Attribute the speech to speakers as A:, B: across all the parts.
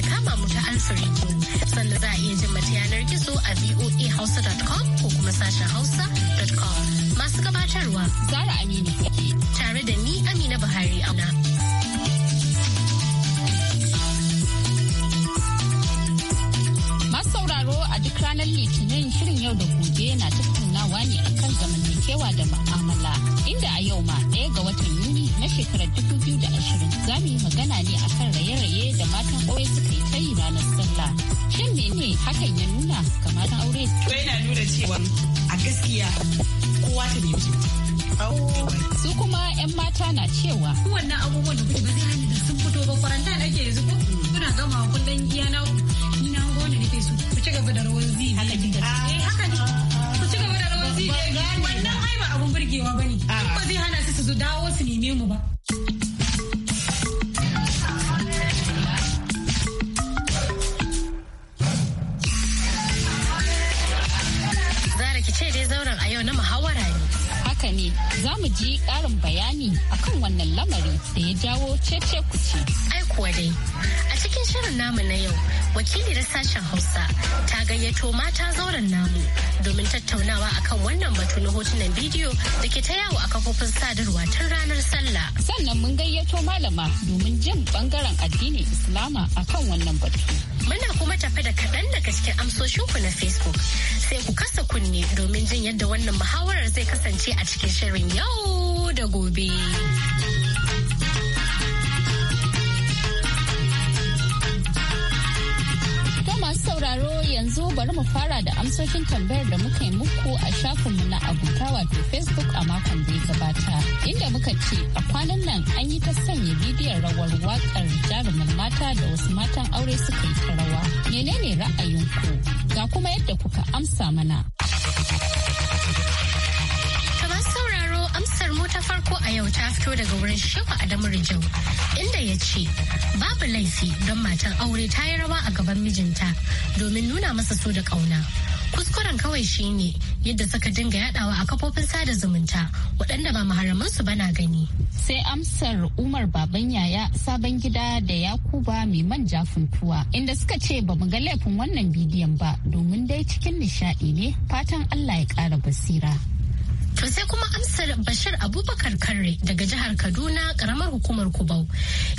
A: iya kama mu ta alfa sannan za a iya jin mata yanar gizo a voahausa.com ko kuma sashen hausa.com masu gabatarwa zara aminu tare da ni amina buhari auna.
B: sauraro a duk ranar litinin shirin yau da gobe na tattaunawa ne akan zamantakewa da ma'amala inda a yau ma ɗaya ga watan yuni na shekarar 2020 za mu yi magana ne akan raye-raye da matan aure suka yi ta yi ranar sallah. Shin ne hakan ya nuna ga matan aure? Ko yana nuna cewa a gaskiya kowa ta nemi Su kuma 'yan mata na cewa. Wannan abubuwan da kuke ba zai hanyar da sun fito ba kwaranta da ake yanzu ko kuna gama kullum iya na ni na gona nake su ku ci gaba da rawar zibi. Haka ne. Eh, haka ne. Ku ci gaba da rawar zibi. Wannan ai ba abun burgewa bane. Ba zai hana ne mu ba.
A: ki ce dai zauren a yau na muhawara ne. Haka ne za mu ji ƙarin bayani akan wannan lamari da ya jawo cece kuce. Ai kuwa dai a cikin shirin namu na yau wakilin sashen Hausa ta gayyato mata zauren namu domin tattaunawa akan wannan batu na hotunan bidiyo da ke ta yawo a kafofin sadarwa tun ranar sallah. Sannan mun gayyato malama domin jin bangaren addinin Islama akan wannan batu. Muna kuma tafe da kaɗan daga cikin amsoshinku na Facebook sai ku kasa kunne domin jin yadda wannan muhawarar zai kasance a cikin shirin yau da gobe.
B: sauraro yanzu bari mu fara da amsoshin tambayar da muka yi muku a shafinmu na abuta wato Facebook a makon da ya gabata. Inda muka ce a kwanan nan an yi ta sanya bidiyon rawar wakar jarumin mata da wasu matan aure suka yi ta rawa. Menene ra'ayinku? Ga kuma yadda kuka amsa mana.
A: Tambayar mu ta farko a yau ta fito daga wurin Shehu Adamu Rijau inda ya ce babu laifi don matan aure ta yi rawa a gaban mijinta domin nuna masa so da kauna Kuskuren kawai shine yadda suka dinga yadawa a kafofin sada zumunta waɗanda ba maharamansu bana gani. Sai amsar Umar
B: Baban Yaya sabon gida da Yakuba mai manja funtuwa inda suka ce ba mu ga laifin
A: wannan bidiyon ba domin dai cikin nishaɗi ne fatan Allah ya ƙara basira. To sai kuma amsar Bashir Abubakar Karre daga jihar Kaduna karamar hukumar Kubau.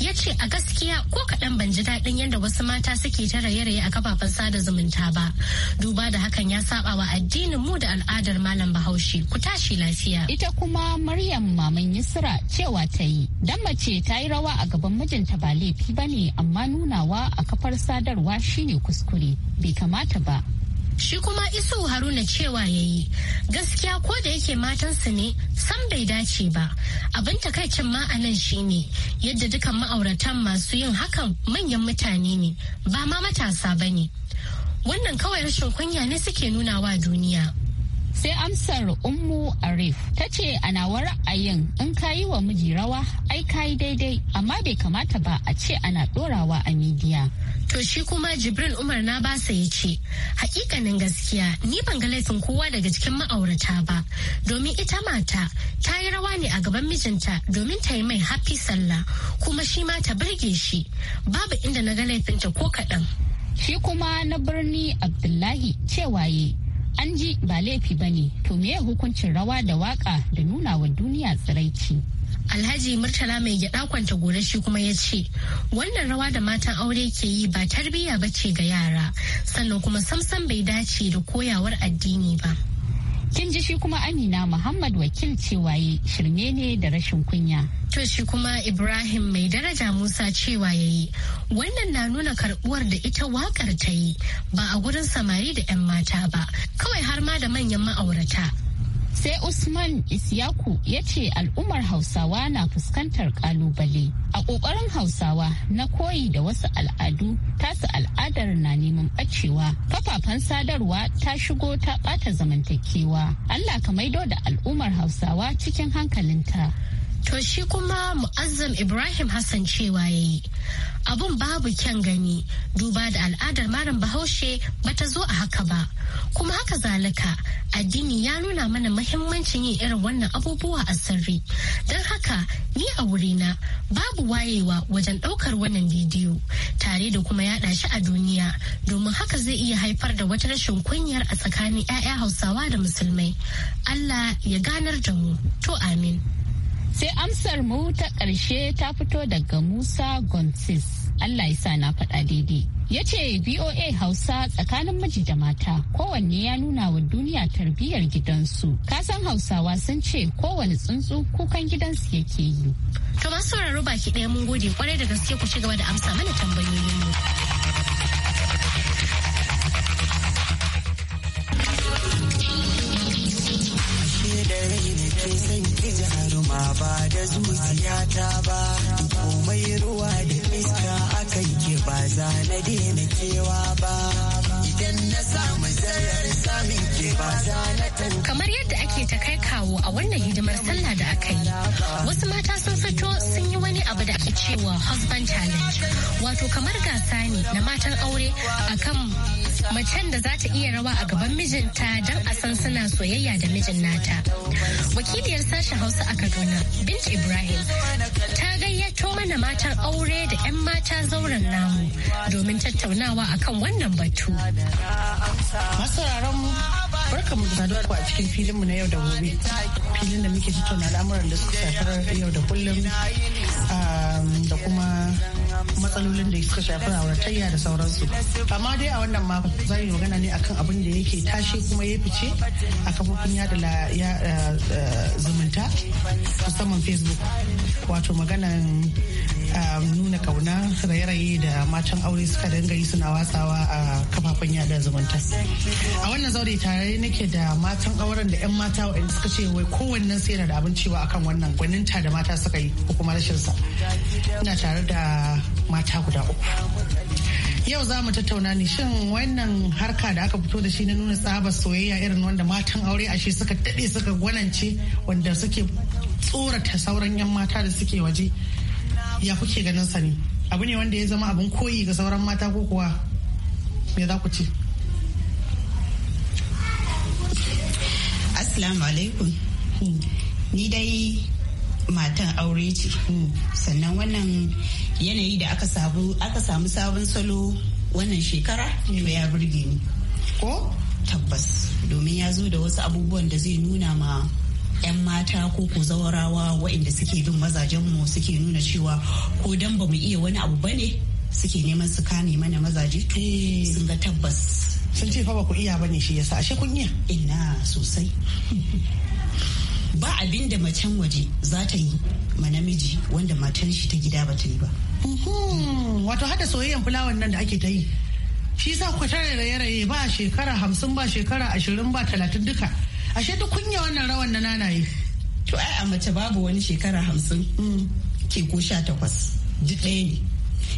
A: Ya ce a gaskiya ko kaɗan ban ji daɗin yadda wasu mata suke ta raye-raye a kafafen sada zumunta ba. Duba da hakan ya saba wa addinin mu da al'adar Malam Bahaushe ku tashi lafiya.
B: Ita kuma Maryam Maman Yusra cewa ta yi. Dan mace ta yi
A: rawa a gaban mijinta ba laifi ba ne amma nunawa a kafar sadarwa shine kuskure bai kamata ba. shi kuma isu haruna cewa ya yi gaskiya ko da yake matansa ne sam bai dace ba abin takaicin ma'anan shi ne shine yadda dukan ma'auratan masu yin hakan manyan mutane ne ba ma matasa ba ne wannan kawai rashin kunya ne suke nuna wa duniya sai amsar ummu arif ta ce ana ra'ayin in ka yi wa miji rawa ai ka yi daidai amma bai kamata ba a ce ana dorawa a midiya to shi kuma jibril umar na basa ya ce hakikanin gaskiya ni ban ga laifin kowa daga cikin ma'aurata ba domin ita mata ta yi rawa ne a gaban mijinta domin ta yi mai hafi sallah kuma shi ma ta birge shi babu inda na ga laifinta ko kaɗan shi kuma na birni abdullahi cewaye an ji ba laifi ba ne to meye hukuncin rawa da waka da nuna wa
B: duniya tsiraici
A: alhaji murtala mai gyada kwanta gore shi kuma ya ce wannan rawa da matan aure ke yi ba tarbiyya ba ce ga yara sannan kuma samsam bai dace da koyawar addini ba kin ji shi kuma amina muhammad wakil cewa shirme ne da rashin kunya to shi kuma ibrahim mai daraja musa cewa ya yi wannan na nuna karbuwar da ita wakar ta yi ba a gurin samari da 'yan mata ba kawai har ma da manyan ma'aurata sai usman isyaku ya ce al'ummar hausawa na fuskantar kalubale
B: a ƙoƙarin hausawa na koyi da wasu al'adu tasu al'adar na neman ɓacewa kafafen sadarwa ta shigo ta ɓata zamantakewa allah ka maido da
A: al'ummar hausawa cikin hankalinta To shi kuma Mu'azzam Ibrahim Hassan cewa ya yi. Abun babu kyan gani duba da al'adar malam bahaushe bata zo a haka ba. Kuma haka zalika addini ya nuna mana mahimmancin yin irin wannan abubuwa a sirri. Don haka ni a wurina babu wayewa wajen ɗaukar wannan bidiyo tare da kuma yaɗa shi a duniya domin haka zai iya haifar da wata rashin kunyar a tsakanin 'ya'ya hausawa da musulmai. Allah ya ganar da mu. To amin. Sai amsar mu ta ƙarshe ta fito
B: daga Musa Gonsis. Allah ya sa na faɗa daidai. Ya ce VOA Hausa tsakanin miji da mata kowanne ya nuna wa duniya tarbiyyar gidansu. Kasan Hausawa sun ce kowane tsuntsu kukan gidansu yake yi.
A: To sauraro baki ɗaya mun gode kwarai da gaske ku ci gaba da amsa mana tambayoyin
C: Thank you. jaruma ba da zuciyata ba komai ruwa da iska akan ke ba za na daina kewa ba
A: idan na samu zarar samin ke ba za na kamar yadda ake ta kai kawo a wannan hidimar sallah da aka yi wasu mata sun fito sun yi wani abu da ake cewa husband challenge wato kamar gasa ne na matan aure akan macen da za ta iya rawa a gaban mijinta don a san suna soyayya da mijin nata. Wakiliyar sashen Hausa a Kaduna, Binti Ibrahim, ta gayyato mana matan aure da 'yan mata zauren namu domin tattaunawa akan wannan batu.
C: Masauraran barka mu da a cikin filin mu na yau da gobe filin da muke tattauna al'amuran da suka shafar yau da kullum um, da kuma matsalolin da suka shafi auratayya da sauransu amma dai a wannan makon za yi magana ne akan abin da yake tashi kuma ya fice a kafofin yada uh, uh, zumunta musamman facebook wato maganan Um, nuna kauna raye-raye da matan aure suka dinga yi suna watsawa a kafafen yada zumunta a wannan zaure tare nake da matan auren da 'yan mata waɗanda suka ce wai kowannen sai da abin cewa akan wannan gwaninta da mata suka yi ko kuma rashin sa ina tare da mata guda uku yau za mu tattauna ne shin wannan harka da aka fito da shi na nuna tsaba soyayya irin wanda matan aure ashe suka daɗe suka gwanance wanda suke tsorata sauran 'yan mata da suke waje ya kuke ganin sa ne abu ne wanda ya zama abin koyi ga sauran mata ko kuwa me za ku
B: ce assalamu alaikum hmm. ni dai matan aure ce hmm. sannan wannan yanayi da aka samu sabon salo wannan shekara hmm. ya burge ni ko tabbas domin ya zo da wasu abubuwan da zai nuna ma 'yan mata ko ko zawarawa waɗanda suke bin mazajenmu suke nuna cewa ko dan ba mu iya wani abu ba ne suke neman su kame mana mazaje to eh. sun ga tabbas sun ce fa ba ku iya bane shi yasa ashe kun iya ina sosai ba abin da macen waje za ta yi ma namiji wanda matan shi ta gida ba ta yi ba
C: wato hada soyayyen fulawan nan da ake ta yi shi sa ku tare da raye ba shekara hamsin ba shekara ashirin ba talatin duka ashe duk kunya wannan rawan
B: na nanaye to ai a mace babu wani shekara hamsin mm, ke ko sha takwas duk ɗaya ne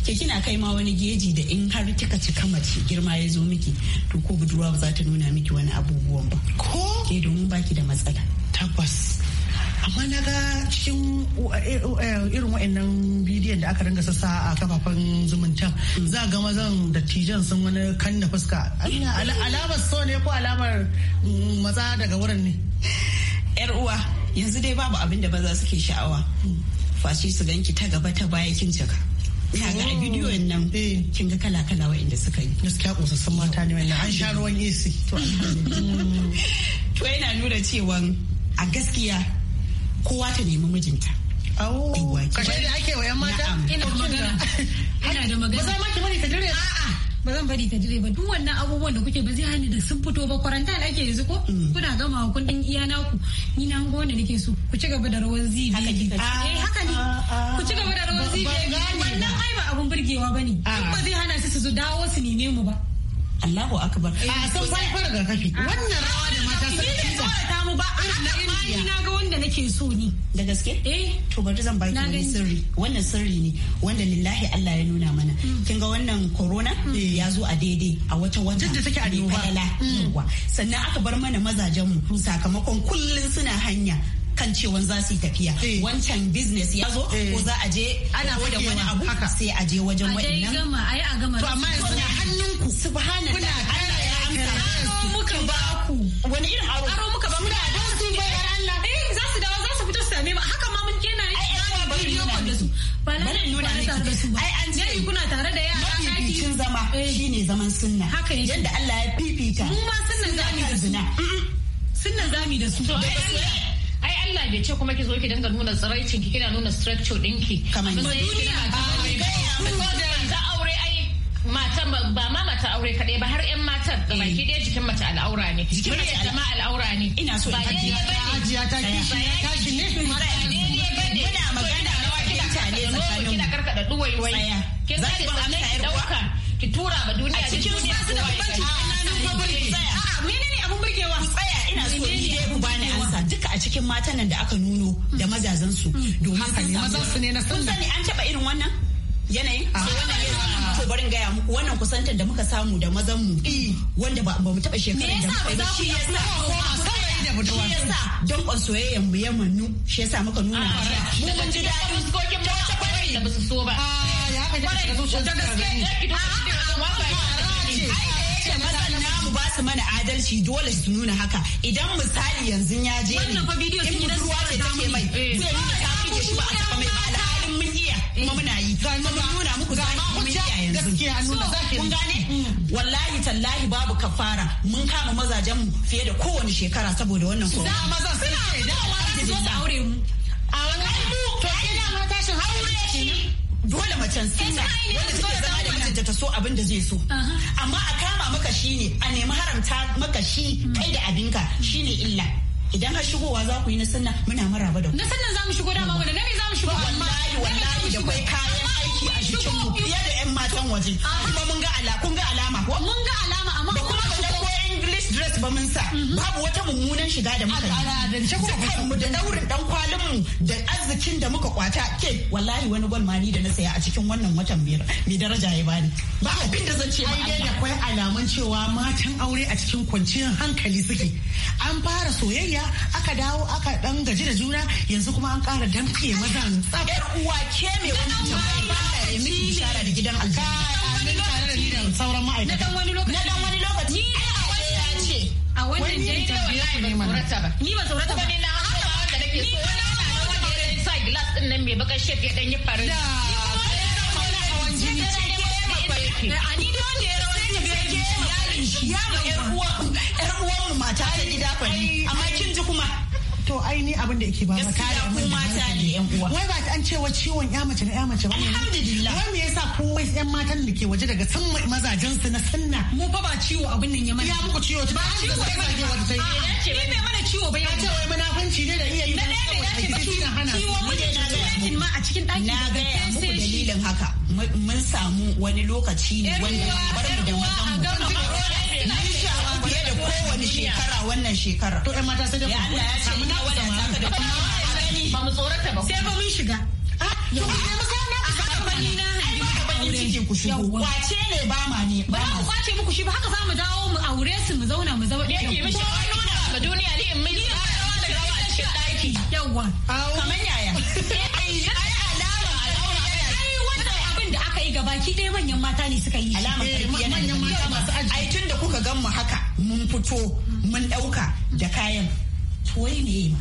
B: ke kina kai ma wani geji da in har kika cika mace girma ya zo miki to ko budurwa ba za ta nuna miki wani abubuwan ba ko ke domin baki da matsala tabbas
C: amma na ga cikin irin wa'annan bidiyon da aka ringa sassa a kafafen zumunta za ga mazan dattijan sun wani kan na fuska
A: alamar
B: so ne ko alamar mm, maza daga wurin ne yar uwa yanzu dai babu abin da maza suke sha'awa fashi su ganki ta gaba ta baya kin jaka kaga a oh. bidiyon nan eh. kin ga kala kala wa'inda suka yi gaskiya kosassun mata ne wannan an sha ruwan AC to yana nuna cewa a gaskiya kowa ta nemi mijinta Oh, kashe da ake wa 'yan mata?
A: Ina magana. Ina da magana. Ba za ma bari ta dire?
B: ba zan bari ta jire ba duk wannan abubuwan da kuke ba zai hani da sun fito ba kwaranta da ake yanzu ko mm. kuna gama kun dan iya naku ni na hango wanda nake so ku ci gaba da rawan zibi eh haka ni ku ci gaba da rawan zibi wannan ai ba abun burgewa ba ne. ba zai hana su su dawo su neme mu ba
D: Allahu akbar
B: eh, a san fara ga kafi wannan rawa da mata sun ci nake so ni da gaske eh to bari zan baki wani sirri wannan sirri ne wanda lillahi Allah ya nuna mana hmm. kin ga wannan corona hmm. eh, ya zo a daidai a wata wata da take annoba hmm. sannan aka bar mana mazajen mu sakamakon kullun suna hanya kan cewan za su yi tafiya eh. wancan business ya zo eh. ko za a je ana da wani abu sai a je wajen A a gama gama. to amma yanzu hannunku subhanallah Allah ya amsa muka ba ku wani irin aro muka ba mu da Allah ba na nuna miki ai an ce kuna tare da yara mafificin zama eh. shine zaman sunna haka yadda Allah ya fifita mu ma sunna zamu da zina sunna zamu da su ai Allah bai ce kuma ki zo ki dinga nuna tsiraicin ki kina nuna structure dinki kamar duniya ba aure ai matan ba ma mata aure kaɗai ba har 'yan matan baki eh. ɗaya jikin mace al'aura ne jikin mace ma al'aura ne ina so ba ne ba ne ba ne ne ba ne tsakanin kina karkada duwai wai kin ga da sanai dauka ki tura ba duniya a cikin su da bambanci kananan gwabri tsaya a'a menene abun burgewa tsaya ina so ni dai ku bani ansa duka a cikin matan nan da aka nuno da mazazan su hmm. domin sun mazan su ne na sun sani an taba irin wannan yanayin ah. sai wannan ya to barin gaya muku wannan kusantar da muka samu da mazan mu wanda ba mu taba shekarar da muka yi shi yasa shi yasa don soyayyen mu yamma mannu shi yasa muka nuna ah, mu mun ji daɗin ta wata waɗanda ba su so ba. Da gaske ah, da mazan ah, namu ba mana adalci dole su nuna haka idan misali yanzu ya je ne in budurwa ce take mai zai nuna ta fige shi ba a taba mai ba alhalin mun iya kuma muna yi kuma mun nuna muku za mu mun iya yanzu kun gane mm. wallahi tallahi babu kafara mun kama mazajen mu fiye da kowane shekara saboda wannan kowa. Za mazan suna da wani zo da aure mu. dole macen suna wanda take zama da mijinta ta so abin da zai so amma a kama maka shi ne a nemi haramta maka shi hmm. kai da abinka shi ne illa idan har shigowa za ku yi na sunna muna maraba da ku na sunna za mu shigo dama wanda na me za mu shigo wallahi wallahi da kai kayan ciki a jikin mu fiye da yan matan waje kuma mun ga ala kun ga alama ko mun ga alama amma ba kuma ga ko english dress ba mun sa mhm. babu wata mummunan shiga da muka yi mu da daurin dan kwalin mu da arzikin da muka kwata ke wallahi wani gwal mani da na saya a cikin wannan watan biyar mai daraja ya bani ba abin da zan ce ba ai akwai alamun cewa
C: matan aure a cikin kwanciyar hankali suke an fara soyayya aka dawo aka dan gaji da juna yanzu kuma an kara damfiye mazan tsaf uwa ke mai wani
B: ya miki da gidan sauran ma'aikata dan wani lokaci na dan wani a wani ya a wannan dai ba wallahi ba ni ba tsorata ba na haka wanda nake so na na wanda ya sa glass din nan mai bakar shape ya dan yi farin da hawan jini ce ani da wanda ya rauni ne ga yalin shi yaro yar uwa yar uwa mata da gida fa amma kin ji kuma
C: to aini abin da yake ba ba ta da mun mata ne yan uwa wai ba an cewa ciwon ya mace na ya mace ba alhamdulillah wai me yasa ko wai yan matan da ke waje daga san mazajen su na sanna mu fa ba ciwo
B: abin nan ya mana ya muku ciwo ba ciwo ba mace wata sai ni me mana ciwo ba ya ce wai munafunci ne da iya yi na ne da ce ba ciwo hana ciwo mu ne na ga ma a cikin daki na ga muku dalilin haka mun samu wani lokaci ne wanda bar mu da wannan kowane shekara wannan shekara to ƴan mata sai da ya Allah ya ce muna wannan zaka da kuma ba mu tsorata ba sai ba mun shiga ah to ai maza na ka bani na ciki ku shigo kwace ne ba ma ne ba mu kwace muku shi ba haka za mu dawo mu aure su mu zauna mu zama ɗaya ke mishi nuna ba duniya ne in mun yi da rawa a cikin ɗaki yawwa kamar yaya gabaki ɗaya manyan mata ne suka
A: yi alama eh, manyan mata masu aji ai
B: tun da kuka gan mu haka mun fito mun ɗauka da kayan tuwai ne ma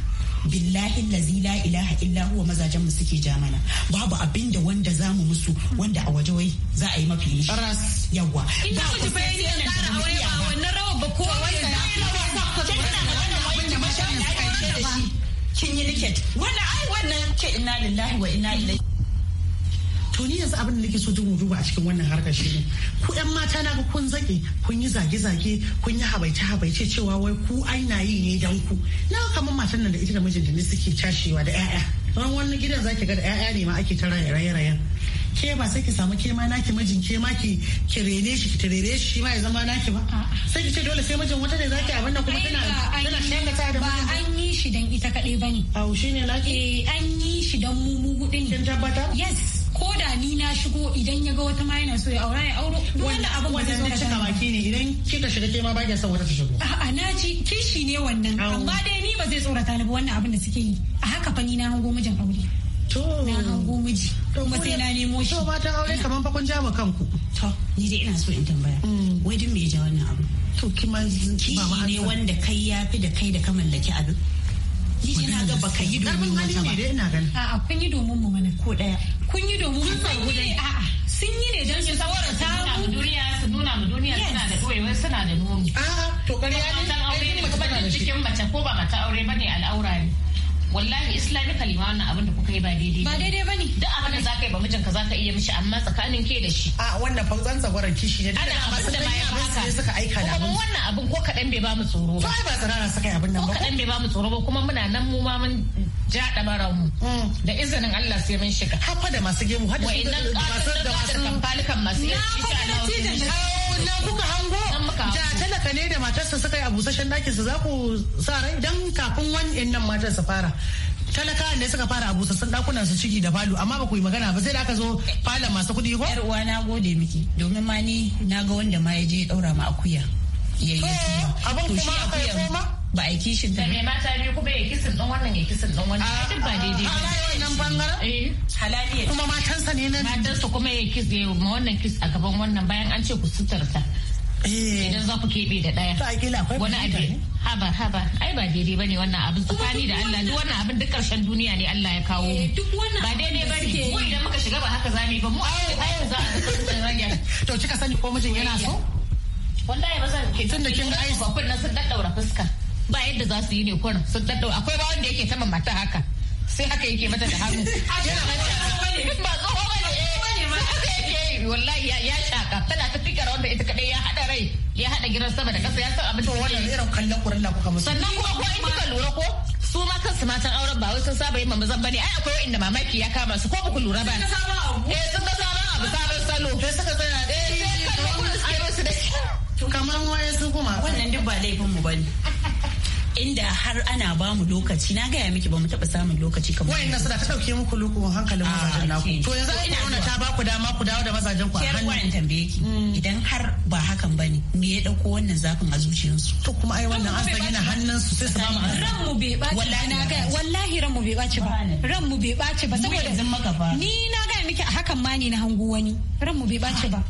B: billahi lazi la ilaha illa huwa mazajen mu suke jamana babu abin da wanda za mu musu wanda a waje wai za a yi mafi ni ras Yawwa. ina ku tafi ne da tsara aure ba wannan rawa ba ko wanda kin yi liket wannan ai wannan ke inna lillahi wa inna ilaihi to ni yanzu abin da nake so jin duba a cikin wannan harkar shi ne ku yan mata na ga kun zage kun yi
C: zage-zage kun yi habaice-habaice cewa wai ku aina yi ne dan ku na kamar matan nan da ita da mijinta ne suke cashewa da ƴaƴa ran wannan gidan zaki ga da ƴaƴa ne ma ake tara raye-rayen ke ba sai ki samu ke ma naki mijin ke ma ki ki rene shi ki rene shi ma ya zama naki ba sai ki ce dole sai mijin wata ne zaki abin nan kuma tana tana shangata da ba an
A: yi shi dan ita
B: kadai bane au shine naki eh an yi shi dan mu mu gudin kin tabbata yes ko da ni na shigo idan ya ga wata ma so ya aura ya auro duk wanda abin wanda zai cika baki
C: ne idan kika shiga ke ma ba ki son wata ta shigo
B: a'a na ci kishi ne wannan amma dai ni ba zai tsorata ni ba wannan abin da suke yi a haka fa ni na hango mijin aure na hango miji kuma sai na nemo shi to mata aure kaman fa jama kanku to ni dai ina so in tambaya mm. wai din me ya ja wannan abu to kima ba ne wanda kai ya fi da kai da ka mallaki abin ni na ga baka yi domin wata ba a'a kun yi domin mu mana ko daya kun yi domin mu gudan a'a sun yi ne don shi saboda ta mu duniya su nuna mu duniya suna da koyewa suna da nuni a'a to kariya ne ai cikin mace ko ba mata aure bane al'aura ne wallahi islami kalima wannan abin da kuka yi ba daidai ba daidai bane duk abin da zaka yi ba mijinka zaka iya mishi amma tsakanin ke da shi a wannan fanzan tsantsa kishi ne ana abin da ma ya baka suka aika da abin wannan abin ko kadan bai ba mu tsoro ba ba tsarara suka yi abin nan ba ko kadan bai ba mu tsoro ba kuma muna nan mu ma mun ja da mu mm. da izinin Allah sai mun shiga hafa da masu gemu hada da masu da masu kamfalikan masu yi shi ta na nan kuka hango
C: da talaka ne da matarsa suka yi a busashen ɗakin su za ku sa rai don kafin wani nan matar
B: su fara talaka ne suka fara a busassun dakunan su ciki da falo amma ba ku yi magana ba sai da aka zo falon masu kuɗi ko. yar uwa na gode miki domin ma ni na ga wanda ma ya je ya ɗaura ma akuya. yi eh, abin kuma aka yi koma. ba a yi kishin ta. Da mata biyu kuma ya kisin ɗan wannan ya kisin ɗan wannan. Ah, Duk ba daidai ah, ba. A ah, wannan bangaren? Eh. halaliya kuma matansa ne nan matansa kuma ya kiss ya ma wannan kiss a gaban wannan bayan an ce ku suturta. Eh. idan za ku keɓe da ɗaya wani abin haba haba ai ba daidai bane wannan abu tsakani da Allah duk wannan abin duk karshen duniya ne Allah ya kawo eh, duk wannan ba daidai bane mu idan muka shiga ba haka za zamu ba mu ai ai za a to kika sani ko mijin yana so wallahi ba zan ke tunda kin ga ai ba kun nan sun daddaura fuska ba yadda za su yi ne kurin sun daddaura akwai ba wanda yake taba mata haka sai haka yake mata da hannu yake wallahi ya shaka tana ta fikar wanda ita kadai ya hada rai ya hada gidan sama da kasa ya san abin da wannan irin kallon kurilla kuka musu sannan kuma ko in lura ko su ma kansu matan auren ba wai sun saba yin mamazan bane ai akwai wanda mamaki ya kama su ko ba ku lura ba eh sun ga abu sabon salo sai suka tsaya eh kamar wani su kuma wannan duk ba laifin mu bane inda har ana ba mu lokaci na gaya miki ba mu taɓa samun lokaci kamar wayan nasara ta ɗauke muku lokacin hankalin ah, mazajen naku to yanzu ina wani ta ba ku dama ku dawo da mazajen ku a hannu wayan tambaye ki mm. idan har ba hakan bane me ya dauko wannan zafin a zuciyarsu to kuma ai wannan an san hannun su sai su ba mu ran mu bai wallahi na ga wallahi ran mu bai ɓaci ba ran mu bai ɓaci ba saboda ni na ga miki a hakan ma ne na hango wani ran mu bai ɓaci ba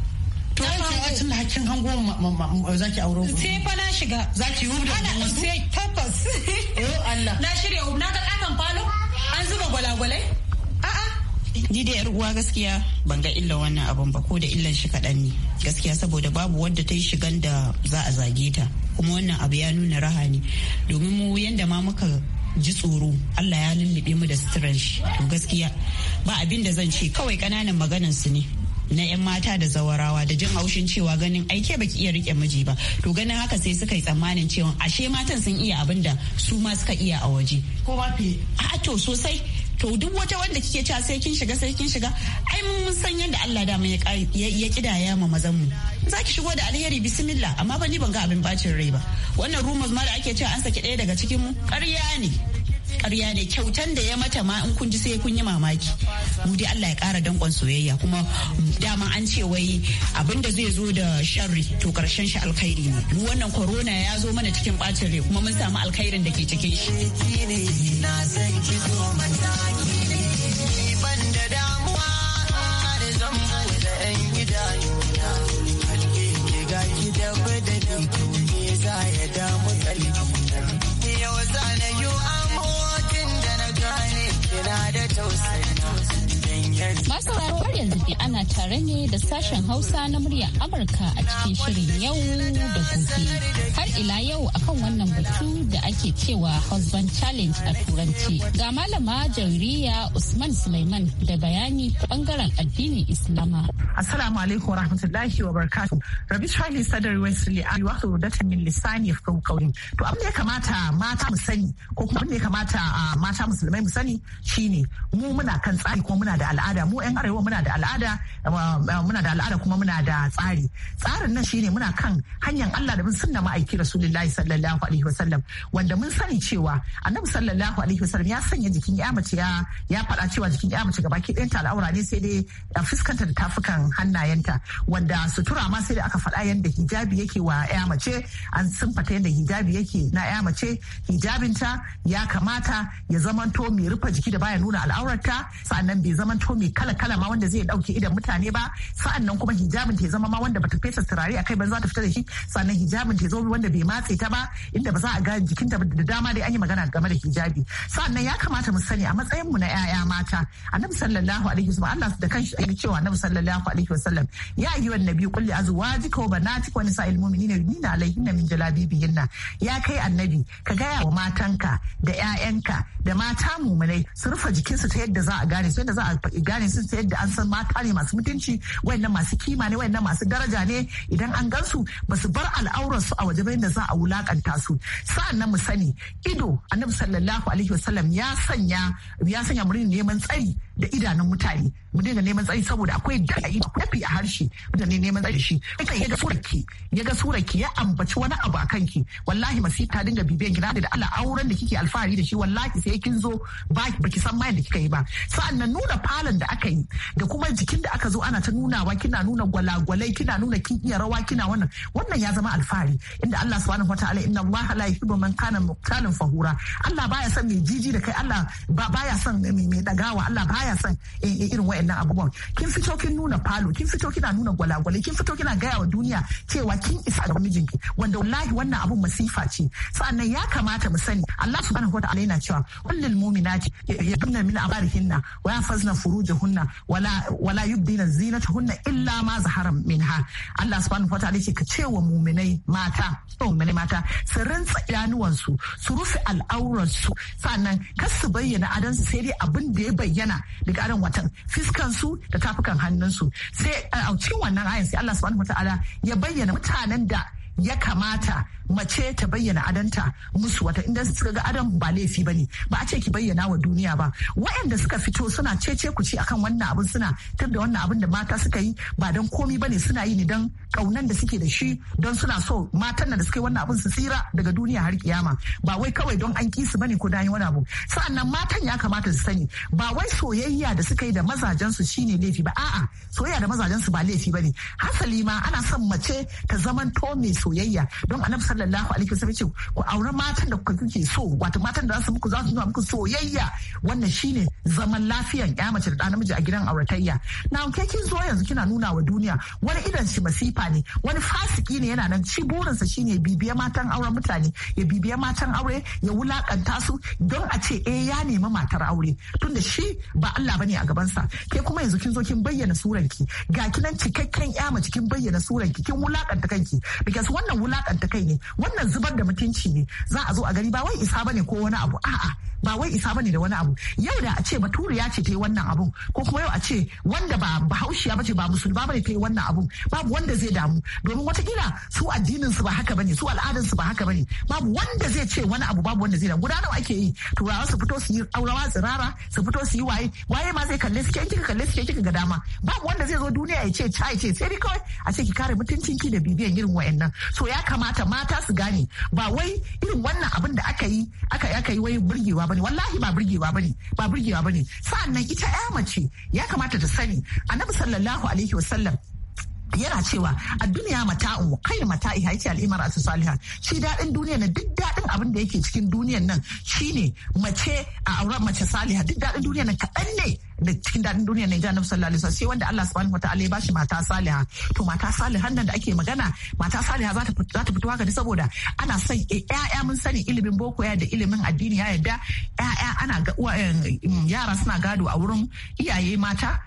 B: to yau kin hakkin hango zaki auro sai fa na shiga ki yi da wasu sai tabbas oh Allah na shirya na ga falo an zuba gwalagwalai ni da yar uwa gaskiya ban ga illa wannan abun ba ko da illan shi kaɗan ne gaskiya saboda babu wadda ta yi shigan da za a zage ta kuma wannan abu ya nuna raha ne domin mu yanda ma muka ji tsoro Allah ya lullube mu da suturan shi to gaskiya ba abin da zan ce kawai kananan maganan su ne na 'yan mata da zawarawa da jin haushin cewa ganin aike baki iya rike miji ba to ganin haka sai suka yi tsammanin cewa ashe matan sun iya abin da su ma suka iya a waje ko ba fi a to sosai to duk wata wanda kike cewa sai kin shiga sai kin shiga ai mun san yadda Allah da ya ya kidaya ma mazan mu za ki shigo da alheri bismillah amma ba ni ban ga abin bacin rai ba wannan rumors ma da ake cewa an saki ɗaya daga cikin mu ƙarya ne ƙarya ne kyautan da ya mata ma in kun ji sai kun yi mamaki mu dai Allah ya kara dankon soyayya kuma dama an ce wai abin da zai zo da sharri to karshen shi alkhairi ne mu wannan corona ya zo mana cikin bacin rai kuma mun samu alkhairin da ke cikin shi na san ki
C: I'm yana da tausayi Masauraro
B: har yanzu dai ana tare ne da sashen Hausa na muryar Amurka a cikin shirin yau da gobe. Har ila yau akan wannan batu da ake cewa husband challenge a turanci. Ga malama Jauriya Usman Sulaiman da bayani bangaren addinin
D: Islama. Assalamu alaikum rahmatullahi wa barakatuh. Rabi Charlie Sadari Wesley a wato datan min lisani ya fi kauri. To abin da ya kamata mata mu sani ko kuma abin da ya kamata ah, mata musulmai mu sani shine mu muna kan tsari ko muna da al'ada mu 'yan arewa muna da al'ada eh, muna da al'ada kuma muna da tsari tsarin nan shine muna kan hanyar Allah da mun sunna ma'aiki rasulullahi sallallahu alaihi wasallam wanda mun sani cewa annabi sallallahu alaihi wasallam ya sanya jikin ya mace ya ya faɗa cewa jikin ya mace gaba ɗayan ta al'aura ne sai dai fuskanta da tafukan hannayenta wanda sutura ma sai dai aka faɗa yadda hijabi yake wa ya mace an fata yadda hijabi yake na ya mace hijabinta ya kamata ya zamanto mai rufe jiki da baya nuna al'aurarta sannan bai zama zamanto mai kala kala ma wanda zai dauke idan mutane ba sa'an nan kuma hijabin ta zama ma wanda bata fesa turare akai ba za ta fita da shi sannan hijabin ta zama wanda bai matse ta ba inda ba za a ga jikinta da dama dai an yi magana game da hijabi nan ya kamata mu sani a matsayin mu na 'ya'ya mata annabi sallallahu alaihi wasallam Allah da kanshi ya cewa annabi sallallahu alaihi wasallam ya wa nabi kulli li azwajika wa banatika wa nisa'il mu'minina yudnina alaihinna min jalabibihinna ya kai annabi ka gaya wa matanka da 'ya'yanka da mata muminai su rufe jikinsu ta yadda za a gane su yadda za a gida sun sayar da an san mata ne masu mutunci wayannan masu kima ne wayannan masu daraja ne idan an gansu ba su bar al'aurar su a waje bayan da za a wulakanta su sa'an mu sani ido annabi sallallahu alaihi wasallam ya sanya ya sanya murin neman tsari da idanun mutane mu dinga neman tsayi saboda akwai da'i tafi a harshe mutane neman tsayi shi kai ya ga surarki ya ga surarki ya ambaci wani abu a ki wallahi masita dinga bibe gida da Allah auren da kike alfahari da shi wallahi sai kin zo ba baki san mai da kika yi ba sa'annan nuna falon da aka yi da kuma jikin da aka zo ana ta nunawa kina nuna gwalagwalai kina nuna kin iya rawa kina wannan wannan ya zama alfahari inda Allah subhanahu wataala inna Allah la yuhibbu man kana muqtalan fahura Allah baya son mai jiji da kai Allah baya son mai dagawa Allah baya son eh, eh, irin wa'annan abubuwan kin fito kin nuna falo kin fito kina nuna gwalagwale kin fito kina gaya wa duniya cewa kin isa ga mijinki wanda wallahi wannan abun masifa ce sa'annan ya kamata mu sani Allah subhanahu wataala yana cewa kullul mu'minati yadunna min abarihinna wa yafazna furujahunna wala wala yubdina zinatahunna illa ma zahara minha Allah subhanahu wataala yake ka cewa mu'minai mata mu'minai mata su rantsa idanuwan su rufe su sa'annan kar su bayyana adansu sai dai abin da ya bayyana daga adan watan fis fuskansu da tafukan hannunsu sai eh, a cikin wannan ayan sai Allah subhanahu wataala ya bayyana mutanen da ya kamata mace ta bayyana adanta musu wata inda suka ga adam ba laifi ba ne ba a ce ki bayyana wa duniya ba waɗanda suka fito suna cece ku ci akan wannan abin suna tar da wannan abin da mata suka yi ba don komi ba ne suna yi ne don kaunan da suke da shi don suna so matan na da suka yi wannan abin su tsira daga duniya har kiyama ba wai kawai don an kisu ne ko dani wani abu sa'annan matan ya kamata su sani ba wai soyayya da suka yi da mazajensu shine laifi ba a'a soyayya da mazajensu ba laifi ba ne hasali ma ana son mace ta zaman to mai soyayya don annabi sallallahu alaihi wasallam ce ku aure matan da kuka kuke so wato matan da za su muku za su nuna muku soyayya wannan shine zaman lafiyan ya mace da namiji a gidan auratayya na ke kin zo yanzu kina nuna wa duniya wani idan shi masifa ne wani fasiki ne yana nan shi burinsa shine bibiya matan auren mutane ya bibiya matan aure ya wulakanta su don a ce eh ya nemi matar aure tunda shi ba Allah bane a gabansa ke kuma yanzu kin zo kin bayyana suranki ga kinan cikakken ya mace kin bayyana suranki kin wulakanta kanki because wannan wulakanta kai ne wannan zubar da mutunci ne za a zo a gani ba wai isa bane ko wani abu a'a ba wai isa bane da wani abu yau da a ce baturiya ce ta yi wannan abu ko kuma yau a ce wanda ba bahaushiya ba ce ba musulma bane ta yi wannan abun babu wanda zai damu domin watakila su addinin su ba haka bane su al'adansu su ba haka bane babu wanda zai ce wani abu babu wanda zai damu guda nawa ake yi turawa su fito su yi aurawa tsirara su fito su yi waye waye ma zai kalle su ke kika kalle su ke kika ga dama babu wanda zai zo duniya ya ce ca ya ce sai dai kawai a ce ki kare mutuncinki da bibiyan irin wa'annan so ya kamata mata su gane ba wai irin wannan abin da aka yi aka aka yi wai burgewa bane wallahi ba burgewa bane ba burgewa bane sa'annan ita ya mace ya kamata ta sani annabi sallallahu alaihi wasallam yana cewa a duniya mata'un wa kai mata'i haiti al'imar asu salihan shi daɗin duniya na duk daɗin abin da yake cikin duniyan nan shine mace a auren mace saliha duk daɗin duniya na kaɗan ne da cikin daɗin duniya ne Annabi sallallahu alaihi sai wanda Allah subhanahu wataala ya bashi mata saliha to mata saliha nan da ake magana mata saliha za ta fito haka ne saboda ana son eh, ƴaƴa mun sani ilimin boko ya da ilimin addini ya yadda ƴaƴa ana ga eh, yara suna gado a wurin iyaye mata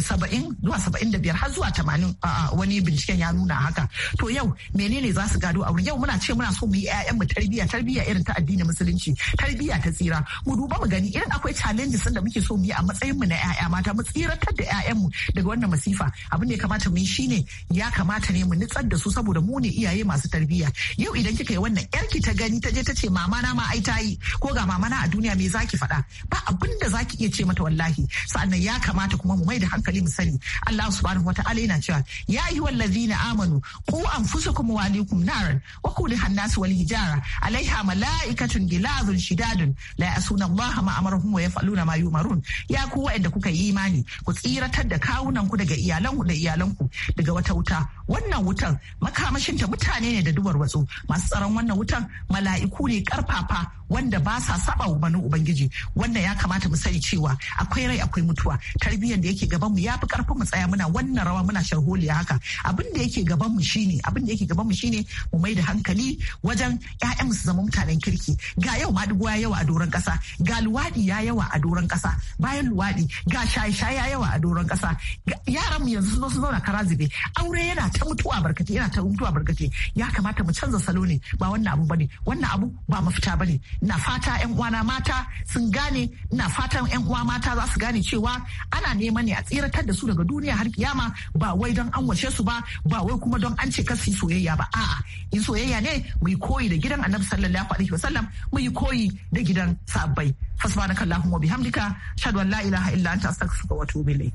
D: saba'in zuwa saba'in da biyar har zuwa tamanin wani binciken ya nuna haka to yau menene za su gado a wurin yau muna ce muna so mu yi ƴaƴan mu tarbiyya tarbiyya irin ta addinin musulunci tarbiyya ta tsira mu duba mu gani irin akwai challenges da muke so mu yi a matsayin mu na 'ya'ya mata mu tsiratar da 'ya'yanmu daga wannan masifa abin da ya kamata mu yi shine ya kamata ne mu nitsar da su saboda mu ne iyaye masu tarbiyya yau idan kika yi wannan yarki ta gani ta je ta ce mama na ma ai ta yi ko ga mama na a duniya me zaki faɗa ba abin da zaki iya ce mata wallahi sa'annan ya kamata kuma mu mai da hankali mu sani Allah subhanahu wataala yana cewa ya yi wallazina amanu ku anfusukum wa alaykum naran wa kuliha Hannasu wal hijara alaiha mala'ikatun gilazun shidadun la yasuna Allah ma amaruhum wa yaf'aluna ma yumarun ya ku wa'anda kuka yi imani ku tsiratar da kawunan ku daga iyalanku da iyalanku daga wata wuta wannan wutan makamashinta mutane ne da duwar wasu masu tsaron wannan wutan mala'iku ne karfafa wanda ba sa saba wa bani ubangiji wanda ya kamata mu sani cewa akwai rai akwai mutuwa tarbiyyar da yake gaban mu ya fi karfin mu tsaya muna wannan rawa muna sharholiya haka abin da yake gaban mu shine abin da yake gaban mu shine mu mai da hankali wajen ƴaƴan mu su zama mutanen kirki ga yau ma ya yawa a doron kasa ga luwadi ya yawa a doron kasa bayan luwadi ga shaye-shaye ya yawa a doron kasa yaran mu yanzu sun zo sun zauna karazibe aure yana ta mutuwa barkate yana ta mutuwa barkate ya kamata mu canza salo ne ba wannan abu bane wannan abu ba mafita bane na fata 'yan uwana mata sun gane na fatan 'yan uwa mata za su gane cewa ana nema ne a tsiratar da su daga duniya har kiyama ba wai don an wace su ba ba wai kuma don an ce kasu soyayya ba a'a in soyayya ne mu yi koyi da gidan annabi sallallahu alaihi wasallam mu yi koyi da gidan sabbai wa bihamdika shadu an la ilaha illa anta astaghfiruka wa atubu ilayk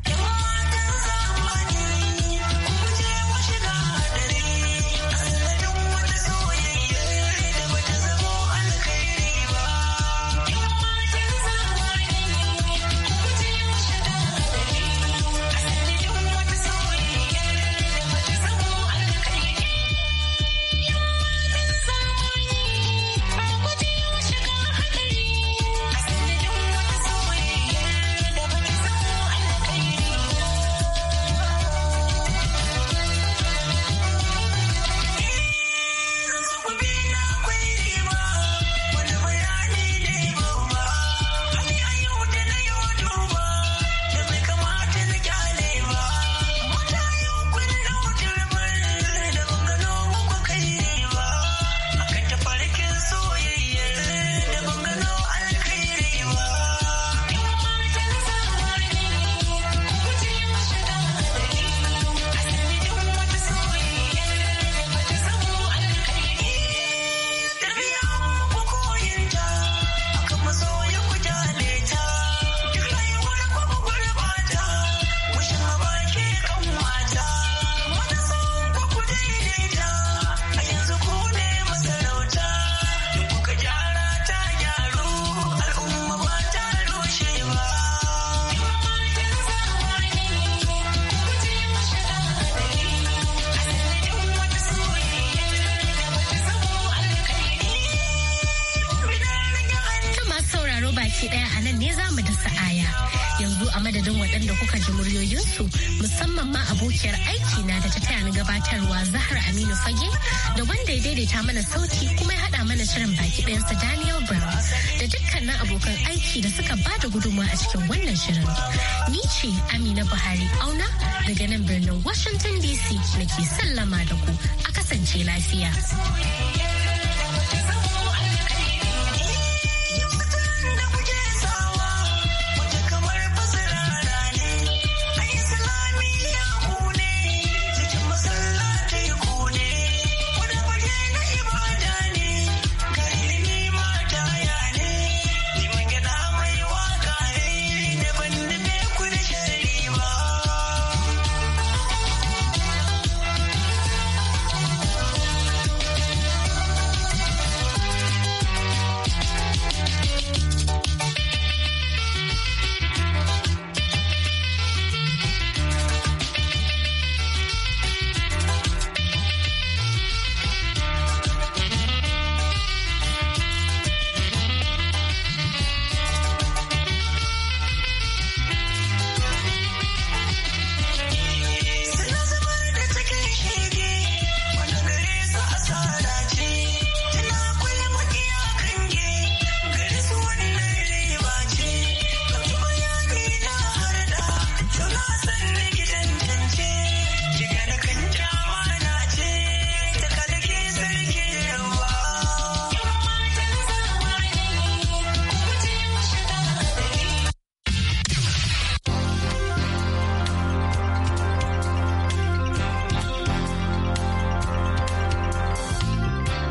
A: waɗanda kuka ji muryoyinsu musamman ma abokiyar aiki na da ta taya ni gabatarwa Zahra Aminu Fage da wanda ya daidaita mana sauti kuma ya haɗa mana shirin baki ɗayansa Daniel Brown da dukkanin abokan aiki da suka ba da gudunmawa a cikin wannan shirin. Ni ce Amina Buhari Auna daga nan birnin Washington DC nake sallama da ku a kasance lafiya.